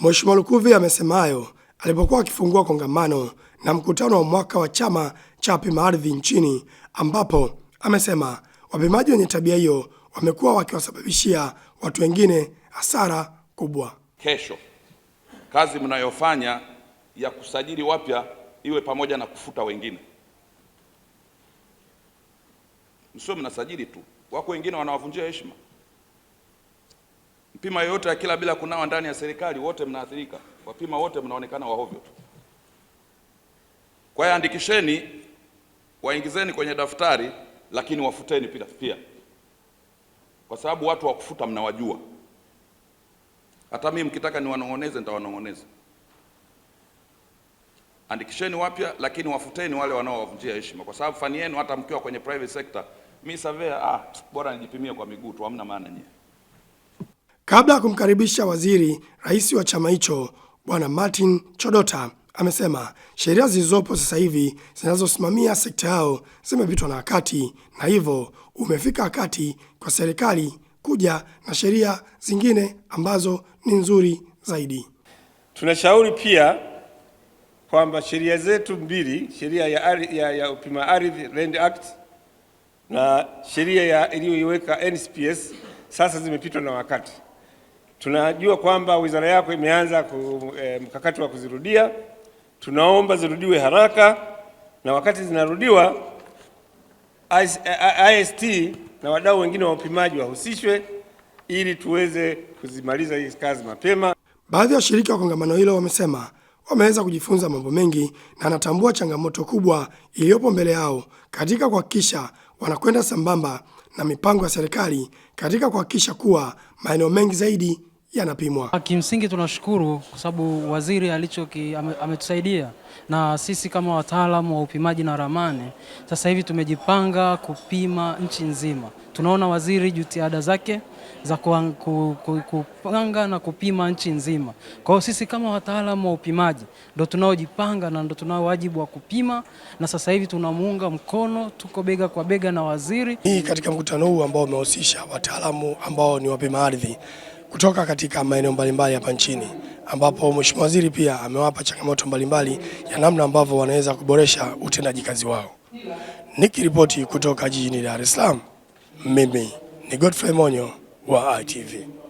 Mheshimiwa Lukuvi amesema hayo alipokuwa akifungua kongamano na mkutano wa mwaka wa chama cha wapima ardhi nchini, ambapo amesema wapimaji wenye tabia hiyo wamekuwa wakiwasababishia watu wengine hasara kubwa. Kesho kazi mnayofanya ya kusajili wapya iwe pamoja na kufuta wengine, msio mnasajili tu, wako wengine wanawavunjia heshima. Pima yoyote ya kila bila kunawa ndani ya serikali, wote mnaathirika. Wapima wote mnaonekana wahovyo tu. Kwa hiyo andikisheni, waingizeni kwenye daftari, lakini wafuteni pia, pia, kwa sababu watu wa kufuta mnawajua. Hata mimi mkitaka niwanong'oneze, nitawanong'oneza. Andikisheni wapya, lakini wafuteni wale wanaowavunjia heshima, kwa sababu fani yenu hata mkiwa kwenye private sector. Mi surveyor, ah, bora nijipimie kwa miguu tu, hamna maana nyie Kabla ya kumkaribisha waziri, rais wa chama hicho Bwana Martin Chodota amesema sheria zilizopo sasa hivi zinazosimamia sekta yao zimepitwa na wakati, na hivyo umefika wakati kwa serikali kuja na sheria zingine ambazo ni nzuri zaidi. Tunashauri pia kwamba sheria zetu mbili, sheria ya, ya, ya upima ardhi Land Act na sheria iliyoiweka NSPS sasa zimepitwa na wakati. Tunajua kwamba wizara yako imeanza eh, mkakati wa kuzirudia. Tunaomba zirudiwe haraka, na wakati zinarudiwa IST eh, na wadau wengine wa upimaji wahusishwe ili tuweze kuzimaliza hii kazi mapema. Baadhi ya washiriki wa kongamano hilo wamesema wameweza kujifunza mambo mengi na anatambua changamoto kubwa iliyopo mbele yao katika kuhakikisha wanakwenda sambamba na mipango ya serikali katika kuhakikisha kuwa maeneo mengi zaidi yanapimwa. Ah, kimsingi tunashukuru kwa sababu waziri alichoki ametusaidia na sisi kama wataalamu wa upimaji na ramani, sasa hivi tumejipanga kupima nchi nzima. Tunaona waziri jitihada zake za kupanga na kupima nchi nzima. Kwa hiyo sisi kama wataalamu wa upimaji ndo tunaojipanga na ndo tunao wajibu wa kupima, na sasa hivi tunamuunga mkono, tuko bega kwa bega na waziri. Hii katika mkutano huu ambao umehusisha wataalamu ambao ni wapima ardhi kutoka katika maeneo mbalimbali hapa nchini ambapo Mheshimiwa Waziri pia amewapa changamoto mbalimbali ya namna ambavyo wanaweza kuboresha utendaji kazi wao. Nikiripoti kutoka jijini Dar es Salaam, mimi ni Godfrey Monyo wa ITV.